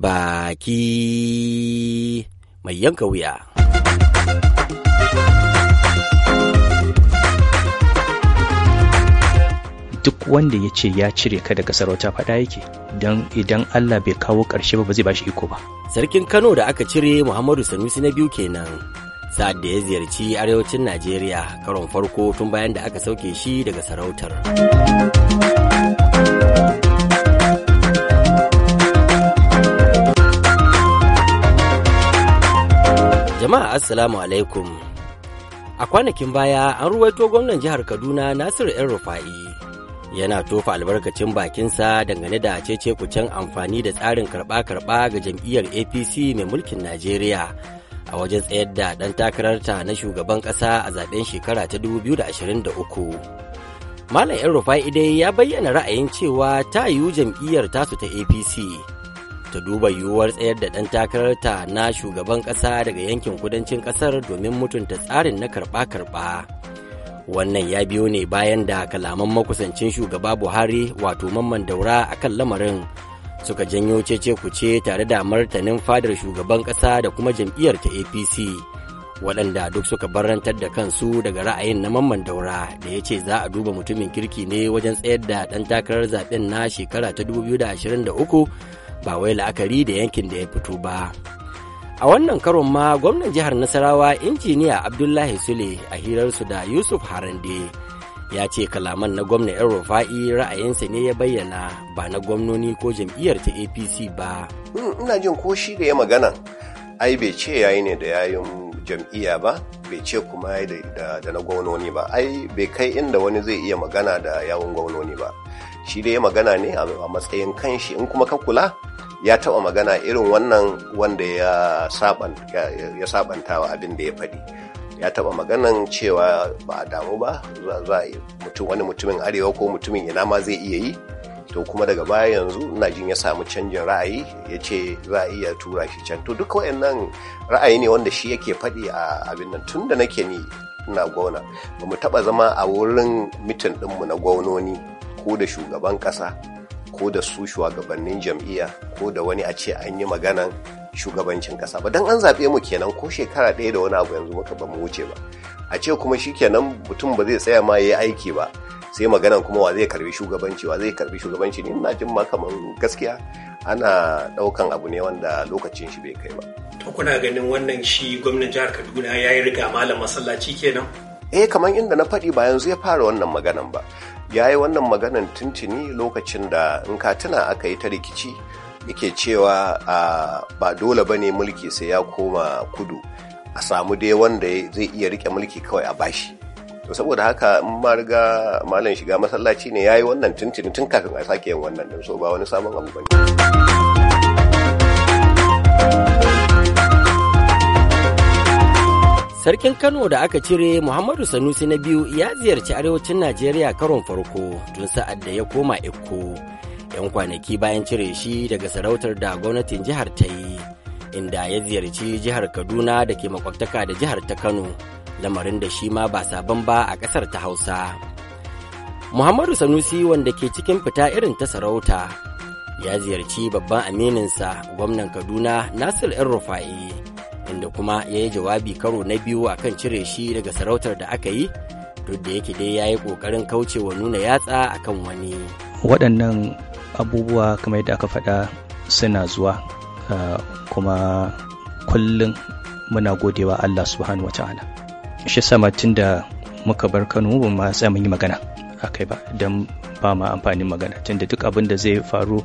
baki mai yanka wuya. Duk wanda ya ce ya cire ka daga sarauta faɗa yake don idan Allah bai kawo ƙarshe ba ba zai shi iko ba. Sarkin Kano da aka cire Muhammadu Sanusi na biyu kenan. sa'ad da ya ziyarci arewacin Najeriya karon farko tun bayan da aka sauke shi daga sarautar. Jama'a Assalamu alaikum. A kwanakin baya an ruwaito gwamnan jihar Kaduna Nasiru ‘yan Rufa'i yana tofa albarkacin bakinsa dangane da cece kucen amfani da tsarin karɓa-karɓa ga jam'iyyar APC mai mulkin Najeriya a wajen tsayar da ɗan takararta na shugaban ƙasa a zaben shekara ta 2023. Malam ‘yan Rufa'i dai ya bayyana ra'ayin cewa ta yiwu jam'iyyar tasu ta APC. ta duba yiwuwar tsayar da ɗan takararta na shugaban ƙasa daga yankin kudancin ƙasar domin mutunta tsarin na karɓa-karɓa. Wannan ya biyo ne bayan da kalaman makusancin shugaba Buhari wato mamman daura a kan lamarin suka janyo cece kuce tare da martanin fadar shugaban ƙasa da kuma jam'iyyar ta APC. waɗanda duk suka barantar da kansu daga ra'ayin na mamman daura da ya ce za a duba mutumin kirki ne wajen tsayar da ɗan takarar zaɓen na shekara ta 2023 ba wai la'akari da yankin da ya fito ba a wannan karon ma gwamnan jihar nasarawa injiniya abdullahi sule a hirarsu da yusuf harande ya ce kalaman na gwamna yan rufa'i ra'ayinsa ne ya bayyana ba na gwamnoni ko jam'iyyar ta apc ba hmm, ina jin ko shi da ya magana ai bai ce yayi ne da yayin jam'iyya ba bai ce kuma da na gwamnoni ba ai bai kai inda wani zai iya magana da yawon gwamnoni ba shi dai magana ne a matsayin kanshi in kuma ka kula ya taɓa magana irin wannan wanda ya sabanta wa abin da ya faɗi ya taɓa maganan cewa ba a damu ba za mutum wani mutumin arewa ko mutumin ina ma zai iya yi to kuma daga baya yanzu ina jin ya samu canjin ra'ayi ya ce za a iya tura shi can to duk wayannan ra'ayi ne wanda shi yake faɗi a abin nan tun da nake ni ina gwauna ba mu taɓa zama a wurin mitin ɗinmu na gwaunoni ko da shugaban ƙasa ko da su shugabannin jam'iyya ko da wani a ce an yi maganan shugabancin ƙasa ba don an zaɓe mu kenan ko shekara ɗaya da wani abu yanzu muka ba mu wuce ba a ce kuma shi kenan mutum ba zai tsaya ma ya yi aiki ba sai maganan kuma wa zai karbi shugabanci wa zai karbi shugabanci ne ina jin ma kamar gaskiya ana ɗaukan abu ne wanda lokacin shi bai kai ba. to kuna ganin wannan shi gwamnan jihar kaduna ya yi riga malam masallaci kenan. eh kamar inda na faɗi ba yanzu ya fara wannan maganan ba ya yi wannan maganan tuntuni lokacin da in ka tuna aka yi ta rikici yake cewa ba dole ba ne mulki sai ya koma kudu a samu dai wanda zai iya rike mulki kawai a bashi to saboda haka in ma riga malam shiga masallaci ne ya yi wannan tuntuni tun kafin a sake yin wannan din so ba wani sabon abu ba ne. Sarkin Kano da aka cire Muhammadu Sanusi na biyu ya ziyarci arewacin Najeriya karon farko tun sa'ad da ya koma Ikko. 'Yan kwanaki bayan cire shi daga sarautar da gwamnatin jihar ta yi, inda ya ziyarci jihar Kaduna da ke makwabtaka da jihar ta Kano, lamarin da shi ma ba sabon ba a ƙasar ta Hausa. Muhammadu Sanusi wanda ke cikin fita irin ta sarauta, ya ziyarci babban amininsa gwamnan Kaduna Nasir El Rufa'i. inda kuma ya yi jawabi karo na biyu a kan cire shi daga sarautar da aka yi duk da yake dai ya yi ƙoƙarin kaucewa nuna yatsa a kan wani. waɗannan abubuwa kamar yadda aka faɗa suna zuwa ah, kuma kullum muna godewa Allah subhanahu wa ta'ala shi sama tun da muka bar Kano ba ma sai mun yi magana akai ba don ba ma amfanin magana tunda duk abin da zai faru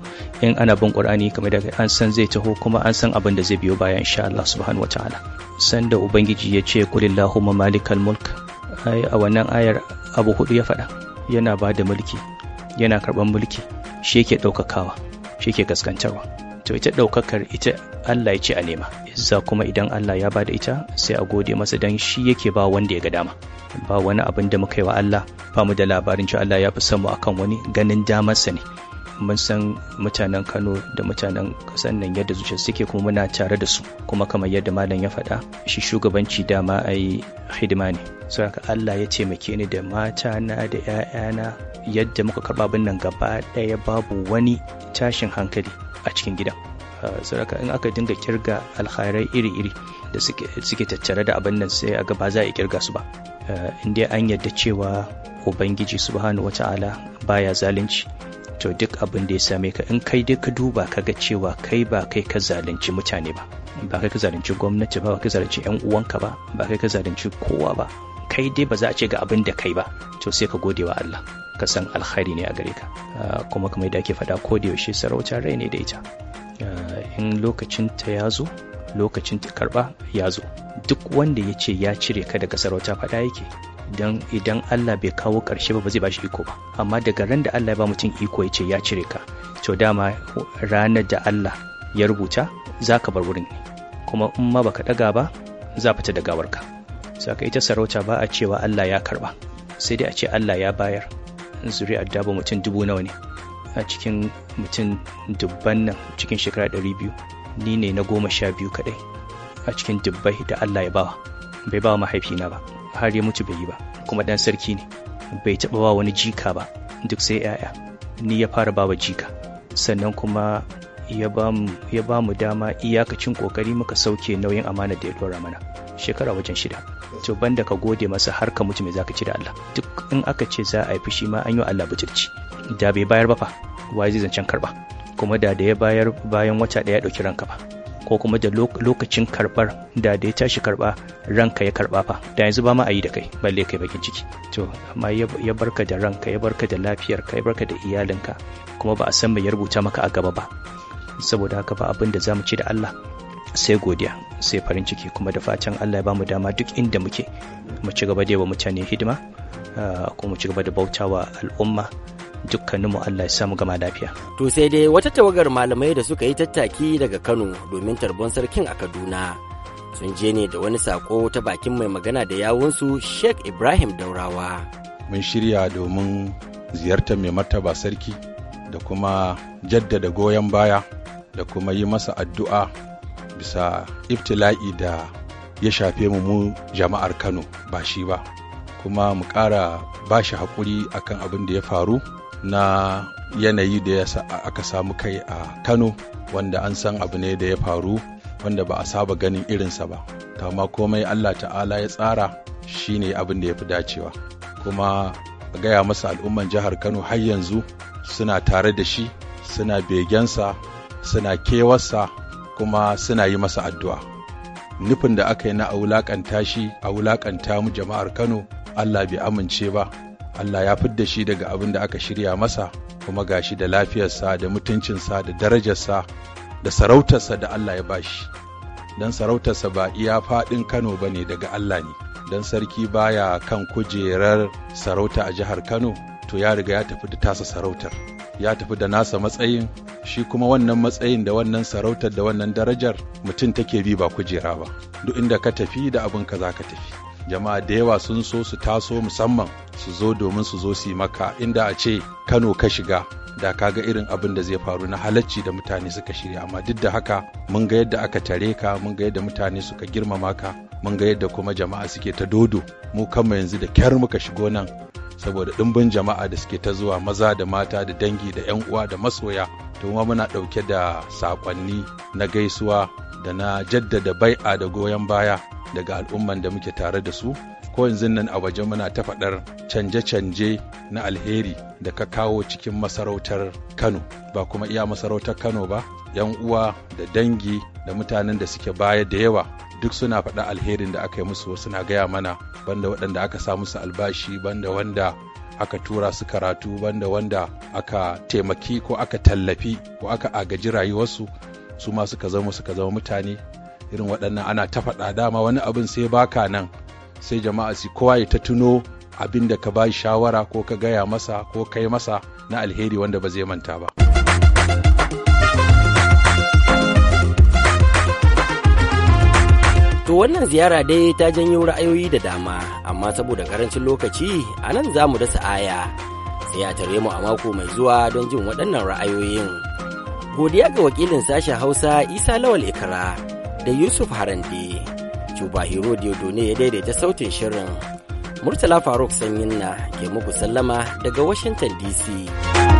in ana bin qur'ani kamar da an san zai taho kuma an san abin da zai biyo baya insha Allah subhanahu wataala sanda ubangiji ya ce kulillahu malikal mulk ai a wannan ayar abu hudu ya faɗa yana ba da mulki yana karban mulki shi yake ɗaukakawa shi yake gaskantarwa to ita ɗaukakar ita Allah ya ce a nema za kuma idan Allah ya bada ita sai a gode masa don shi yake ba wanda ya ga dama ba wani abin da muka yi wa Allah ba mu da labarin cewa Allah ya fi son mu akan wani ganin damarsa ne mun san mutanen kano da mutanen kasan nan yadda zuciya suke kuma muna tare da su kuma kamar yadda malam ya faɗa shi shugabanci dama a yi hidima ne so allah ya taimake ni da mata na da 'ya'yana yadda muka karɓa abin nan gaba ɗaya babu wani tashin hankali a cikin gidan ah, Saraka in aka dinga kirga alkhairai iri-iri da suke tattare da abin nan sai aga ba za a kirga su ba ah, in an yadda cewa ubangiji subhanahu wata'ala baya zalunci to duk abin da ya same ka in kai dai ka duba ka ga cewa kai ba kai ka zalunci mutane ba ba kai ka zalunci gwamnati ba ba kai zalunci yan uwanka ba ba kai ka zalunci kowa ba kai dai ba za a ce ga abin da kai ba to sai ka gode wa Allah ka san alkhairi ne a gare ka ah, kuma kamar da ake faɗa ko da yaushe sarautar rai ne da ita ah, in lokacin ta ya zo lokacin ta karba ya zo duk wanda ya ce ya cire ka daga sarauta faɗa yake don idan Allah bai kawo ƙarshe ba ba zai bashi iko ba amma daga ran da Allah ya ba mutum iko ya ce ya cire ka to dama ranar da Allah ya rubuta za ka bar wurin kuma in ma baka ɗaga ba za fita da gawarka saka ita sarauta ba a cewa Allah ya karba sai dai a ce Allah ya bayar zuri'ar daba mutum dubu nawa ne a cikin mutum dubban nan cikin shekara ɗari biyu ni ne na goma sha biyu kaɗai a cikin dubbai da Allah ya bawa bai bawa mahaifina ba har ya mutu bai yi ba kuma dan sarki ne bai taɓa ba wani jika ba duk sai 'ya'ya ni ya fara bawa jika sannan kuma ya ba mu dama iyakacin kokari muka sauke nauyin amana da ya dora mana shekara wajen shida to banda ka gode masa har ka mutu mai zaka ci da Allah duk in aka ce za a yi fushi ma an yi Allah bujirci da bai bayar ba fa wai zai zancen karba kuma da da ya bayar bayan wata daya dauki ranka ba ko kuma da lokacin karɓar da da ya tashi karɓa ranka ya karɓa fa da yanzu ba ma a yi da kai balle kai bakin ciki to amma ya barka da ranka ya barka da lafiyarka ya barka da iyalinka kuma ba a san mai ya rubuta maka a gaba ba saboda haka ba abin da za mu ci da Allah sai godiya sai farin ciki kuma da fatan allah ya bamu dama duk inda muke mu ci gaba da wa mutane hidima ah, ko mu ci gaba da bautawa al'umma dukkaninmu Allah ya mu gama lafiya. To sai dai wata tawagar malamai da suka yi tattaki daga Kano domin tarbon sarkin a Kaduna. Sun je ne da wani sako ta bakin mai magana da yawunsu Sheikh Ibrahim Daurawa. Mun shirya domin ziyartar mai martaba sarki da kuma jaddada goyon baya da kuma yi masa addu'a bisa iftila'i da ya shafe mu mu jama'ar kano ba shi ba kuma mu ƙara ba shi haƙuri akan abin da ya faru na yanayi da aka samu kai a kano wanda an san abu ne da ya faru wanda ba a saba ganin irinsa ba kama komai allah ta'ala ya tsara shine abin da ya fi dacewa kuma a gaya masa al'umman jihar kano har yanzu suna tare da shi suna begensa suna kewarsa kuma suna yi masa addu'a nufin da aka yi na a wulaƙanta shi a wulaƙanta mu jama'ar kano allah bai amince ba allah ya da shi daga abin da aka shirya masa kuma ga shi da lafiyarsa da mutuncinsa da darajarsa da sarautarsa da allah ya bashi don sarautarsa ba iya faɗin kano ba ne daga allah ne don sarki baya kan kujerar sarauta a jihar kano to ya riga ya tafi da tasa sarautar ya tafi da nasa matsayin shi kuma wannan matsayin da wannan sarautar da wannan darajar mutum take bi ba kujera ba duk inda ka tafi da abin ka za ka tafi jama'a da yawa sun so su taso musamman su zo domin su zo su yi maka inda a ce kano ka shiga da ka ga irin abin da zai faru na halacci da mutane suka shirya amma duk da haka mun ga yadda aka tare ka mun ga yadda mutane suka girmama ka mun ga yadda kuma jama'a suke ta dodo mu kama yanzu da kyar muka shigo nan saboda ɗimbin jama'a da suke ta zuwa maza da mata da dangi da 'yan uwa da masoya to muna ɗauke da saƙonni na gaisuwa da na jaddada bai'a da goyon baya daga al'umman da muke tare da su ko yanzu nan a waje muna ta faɗar canje-canje na alheri da ka kawo cikin masarautar kano ba kuma iya masarautar kano ba yan uwa da dangi da mutanen da suke baya da yawa duk suna faɗa alherin da aka yi musu suna gaya mana banda waɗanda aka sa musu albashi banda wanda aka tura su karatu banda wanda aka taimaki ko aka tallafi ko aka agaji rayuwarsu su ma suka zama suka zama mutane irin waɗannan ana ta faɗa dama wani abin sai baka nan sai jama'a su kowa ya ta tuno abin da ka ba shawara ko ka gaya masa ko kai masa na alheri wanda ba zai manta ba. To wannan ziyara dai ta janyo ra'ayoyi da dama, amma saboda karancin lokaci a nan za mu dasa aya. Sai a tare mu a mako mai zuwa don jin waɗannan ra'ayoyin. Godiya ga wakilin sashen Hausa Isa Lawal Ikara da Yusuf Harande. Cuba Hero ne ya daidaita sautin shirin. Murtala Faruk Sanyin na ke muku sallama daga Washington DC.